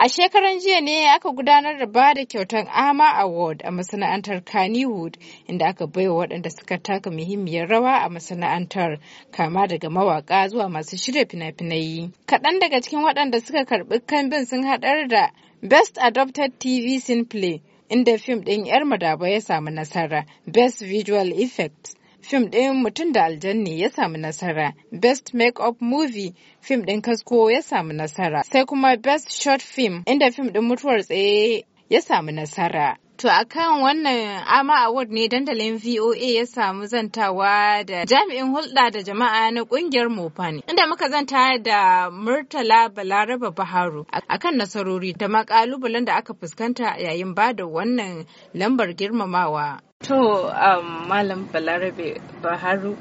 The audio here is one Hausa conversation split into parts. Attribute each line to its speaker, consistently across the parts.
Speaker 1: A shekaran jiya ne aka gudanar da ba da kyautar AMA Award a masana'antar Kannywood inda aka baiwa waɗanda suka taka muhimmiyar rawa a masana'antar kama daga mawaƙa zuwa masu shirya fina-finai. Kaɗan daga cikin waɗanda suka karɓi kambin sun haɗar da Best Adopted TV Scene Play inda fim ɗin 'yar madaba ya samu nasara Best Visual Effects fim ɗin mutum da aljanni ya samu nasara best make-up movie fim ɗin kasko ya samu nasara sai kuma best short film inda fim ɗin mutuwar tsaye ya samu nasara To a kan wannan Ama Award ne dandalin VOA ya samu zantawa da jami'in hulɗa da jama'a na ƙungiyar Mofan inda muka zanta da Murtala Balaraba Baharu a kan nasarori da makalubalen da aka fuskanta yayin ba da wannan lambar girmamawa. To um, Malam Balarabe Baharu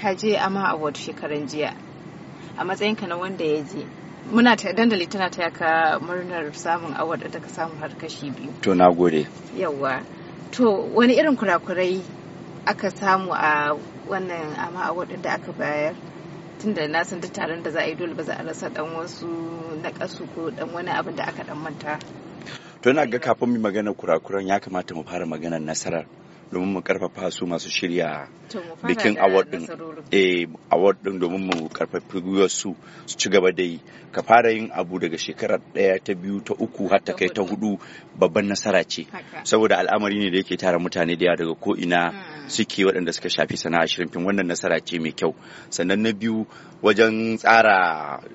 Speaker 1: ka je ama award shekaran jiya a matsayinka na wanda ya je. Muna ta dandali tana ta yaka murnar samun award da ka samu har kashi biyu.
Speaker 2: To na gode.
Speaker 1: Yawwa. To wani irin kurakurai aka samu a wannan ama award da aka bayar? Tunda na san duk taron da za a yi dole ba za a rasa dan wasu na kasu ko dan wani abin da aka dan manta.
Speaker 2: To ina ga kafin mu magana kurakuran ya kamata mu fara maganar nasarar. domin mu karfafa su masu shirya
Speaker 1: bikin award din
Speaker 2: eh award din domin mu karfafa gwiwar su su ci gaba da yi ka fara yin abu daga shekarar ɗaya ta biyu ta uku har ta kai ta hudu babban nasara ce saboda al'amari ne da yake tara mutane da daga ko ina hmm. suke waɗanda suka shafi sana'a shirin fim wannan nasara ce mai kyau sannan na biyu wajen tsara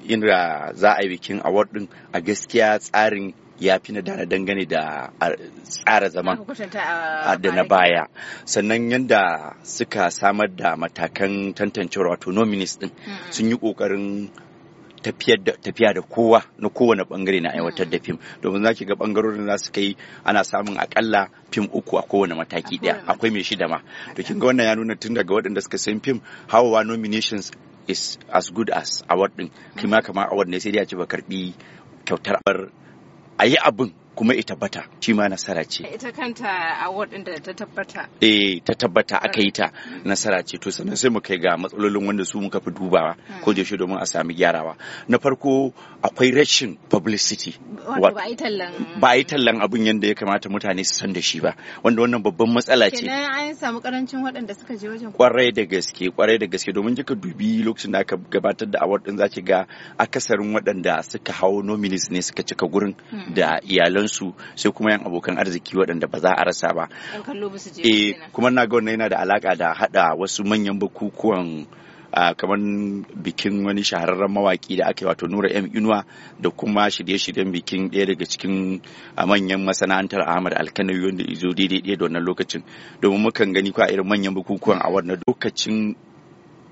Speaker 2: inda za a yi bikin award din a gaskiya tsarin ya fi na dana dangane da tsara zaman da na baya sannan yadda suka samar da matakan tantancewar wato nominis din sun yi kokarin tafiya da kowa na kowane bangare na aiwatar da fim domin za ki ga bangarorin za su kai ana samun akalla fim uku a kowane mataki daya akwai mai shida ma to kin ga wannan ya nuna tun daga waɗanda suka san fim hawa nominations is as good as award din kima kama award ne sai dai a ci ba karbi kyautar a yi abin kuma ita bata. shi ma nasara ce
Speaker 1: ita kanta award din ta tabbata
Speaker 2: eh ta tabbata aka yi ta mm. nasara ce to sannan sai mu kai ga matsalolin wanda su muka fi dubawa mm. ko da shi domin a sami gyarawa na farko akwai rashin publicity ba
Speaker 1: a yi tallan ba
Speaker 2: a yi tallan abin yadda ya kamata mutane su san da shi ba wanda wannan babban matsala ce kenan
Speaker 1: an samu karancin waɗanda suka je wajen
Speaker 2: kwarai da gaske kwarai da gaske domin kika dubi lokacin da aka gabatar da award din zaki ga akasarin waɗanda suka hawo nominees ne suka cika gurin mm. da iyalan sauransu sai kuma yan abokan arziki waɗanda ba za a rasa ba eh kuma na ga wannan yana da alaka da hada wasu manyan bukukuwan Uh, kamar bikin wani shahararren mawaki da aka yi wato nura m inuwa da kuma shirye-shiryen bikin ɗaya daga cikin manyan masana'antar ahmad alkano wanda izo daidai ɗaya da wannan lokacin domin mukan gani kwa irin manyan bukukuwan a wannan lokacin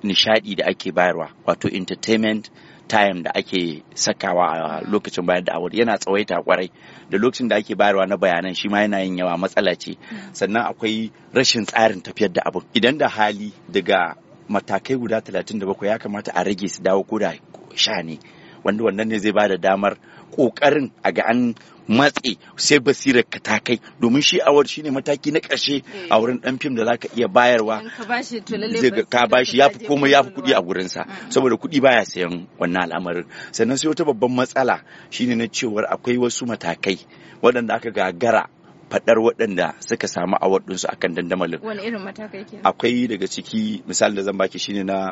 Speaker 2: nishadi da ake bayarwa wato entertainment tayan da ake sakawa a lokacin bayar da awar yana tsawaita kwarai da lokacin da ake bayarwa na bayanan shi ma yana yin yawa matsala ce hmm. sannan akwai rashin tsarin tafiyar da abin idan da hali daga matakai guda 37 ya kamata a rage su dawo ko da sha ne wanda wannan ne zai ba da damar kokarin a ga an matse sai basirar ka ta kai domin shi awar shine mataki na ƙarshe a wurin dan fim da zaka iya bayarwa ka bashi ya fi komai ya fi kuɗi a gurinsa mm. saboda kuɗi baya sayan wannan al'amarin sannan sai wata babban matsala shine na cewar akwai wasu matakai waɗanda aka gagara faɗar waɗanda suka samu a ɗinsu a kan dandamalin.
Speaker 1: Wani irin matakai ke?
Speaker 2: Akwai daga ciki misali da zan baki shine na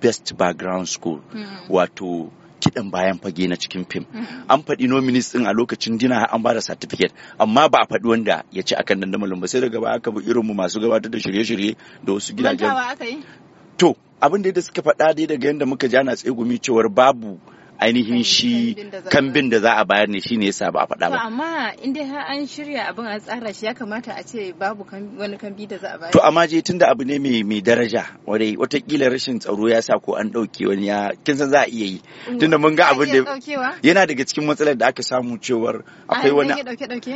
Speaker 2: best background school mm. wato kiɗan bayan fage na cikin fim mm-hmm. an faɗi nominees din a lokacin dina an bada da certificate amma ba a faɗi wanda ya ci akan dandamalin ba sai daga baya aka irin mu masu gabatar da shirye-shirye da wasu gidajen to abin da suka faɗa dai daga yadda muka ji ana tsegumi cewar babu ainihin shi kambin da za a bayar ne shine yasa ba a faɗa ba
Speaker 1: amma in dai har an shirya abin a tsara shi ya kamata a ce babu wani kambi da za a bayar to amma
Speaker 2: je tunda abu ne mai mai daraja warai watakila rashin tsaro ya sa ko an ɗauke wani ya kin san za a iya yi
Speaker 1: tunda mun ga abin da
Speaker 2: yana daga cikin matsalar da aka samu cewar akwai wani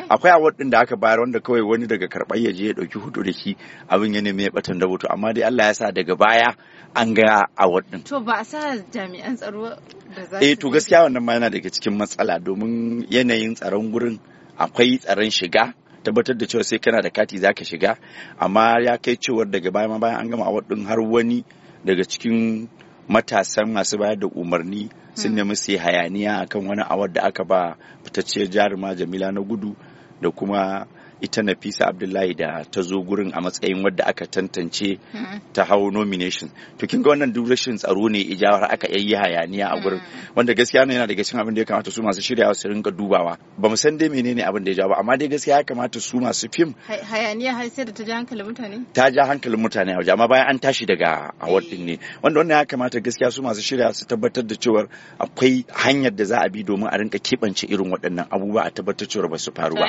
Speaker 2: akwai a wadin da aka bayar wanda kawai wani daga karɓar ya je ya ɗauki hudu da shi abin ya nemi ya da to amma dai Allah ya sa daga baya an ga a wadin
Speaker 1: to ba a sa jami'an tsaro da za Eh, to
Speaker 2: gaskiya wannan ma yana daga cikin matsala domin yanayin tsaron gurin akwai tsaron shiga tabbatar da cewa sai kana da kati za zaka shiga amma ya kai cewar daga baya ma bayan an gama awar din har wani daga cikin matasan masu bayar da umarni sun hmm. nemi su hayaniya akan wani awar da aka ba fitacciyar jaruma Jamila na gudu da kuma ita Nafisa Abdullahi da ta zo gurin a matsayin wadda aka tantance mm-hmm. ta hau nomination to kin ga wannan duk rashin tsaro ne ijawar aka yayi hayaniya a gurin mm-hmm. wanda gaskiya ne yana daga cikin abin da ya kamata su masu shiryawa su rinka dubawa ba mu san dai menene abin da ya jawo amma dai gaskiya ya kamata su masu fim
Speaker 1: hayaniya har sai da ta ja hankalin mutane
Speaker 2: ta ja hankalin mutane a waje amma bayan an tashi daga award din ne eh. wanda wannan ya kamata gaskiya su masu shirya su tabbatar da cewar akwai hanyar da za a bi domin a rinka keɓance irin waɗannan abubuwa a tabbatar cewar ba su faru ba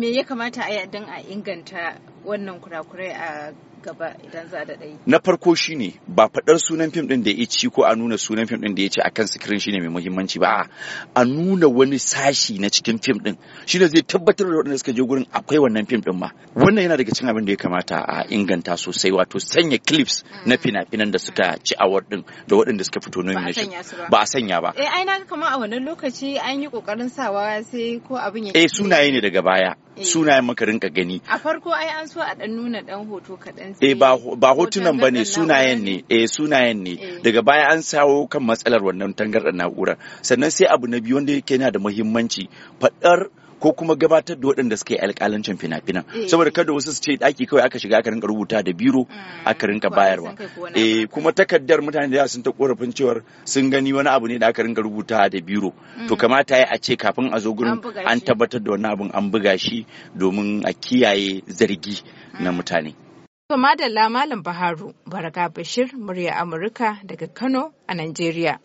Speaker 1: me ya ya kamata a yi don a inganta wannan kurakurai a idan za da ɗai?
Speaker 2: Na farko shine ba faɗar sunan fim ɗin da ya ci ko a nuna sunan fim ɗin da ya ci akan sikirin shine mai muhimmanci ba a nuna wani sashi na cikin fim ɗin shine zai tabbatar da waɗanda suka je gurin akwai wannan fim ɗin ma wannan yana daga cikin abin da ya kamata a inganta sosai wato sanya clips mm. na fina-finan da suka ci a ɗin da waɗanda suka fito shi. ba a sanya ba. Eh
Speaker 1: ai na kamar a wannan lokaci an yi kokarin sawa sai ko abin ya Eh
Speaker 2: sunaye ne daga baya eh. sunayen maka ka gani.
Speaker 1: A farko ai an so a ɗan nuna ɗan hoto kaɗan
Speaker 2: E ba hotunan ba ne sunayen ne e sunayen ne eh. daga baya an sawo kan matsalar wannan tangardar na'urar sannan sai abu na biyu wanda yake yana da muhimmanci faɗar ko kuma gabatar da waɗanda suka yi alƙalancin fina-finan saboda kada wasu su ce daki kawai aka shiga aka rinka rubuta da biro mm. aka rinka bayarwa eh kuma takaddar mutane da sun ta korafin cewar sun gani wani abu ne da aka rinka rubuta da biro mm. to kamata ya a ce kafin a zo gurin an tabbatar da wani abun an buga shi domin a kiyaye zargi na mm. mutane
Speaker 1: To Madalla Malam Baharu, Baraka Bashir, murya Amurka daga Kano a Najeriya.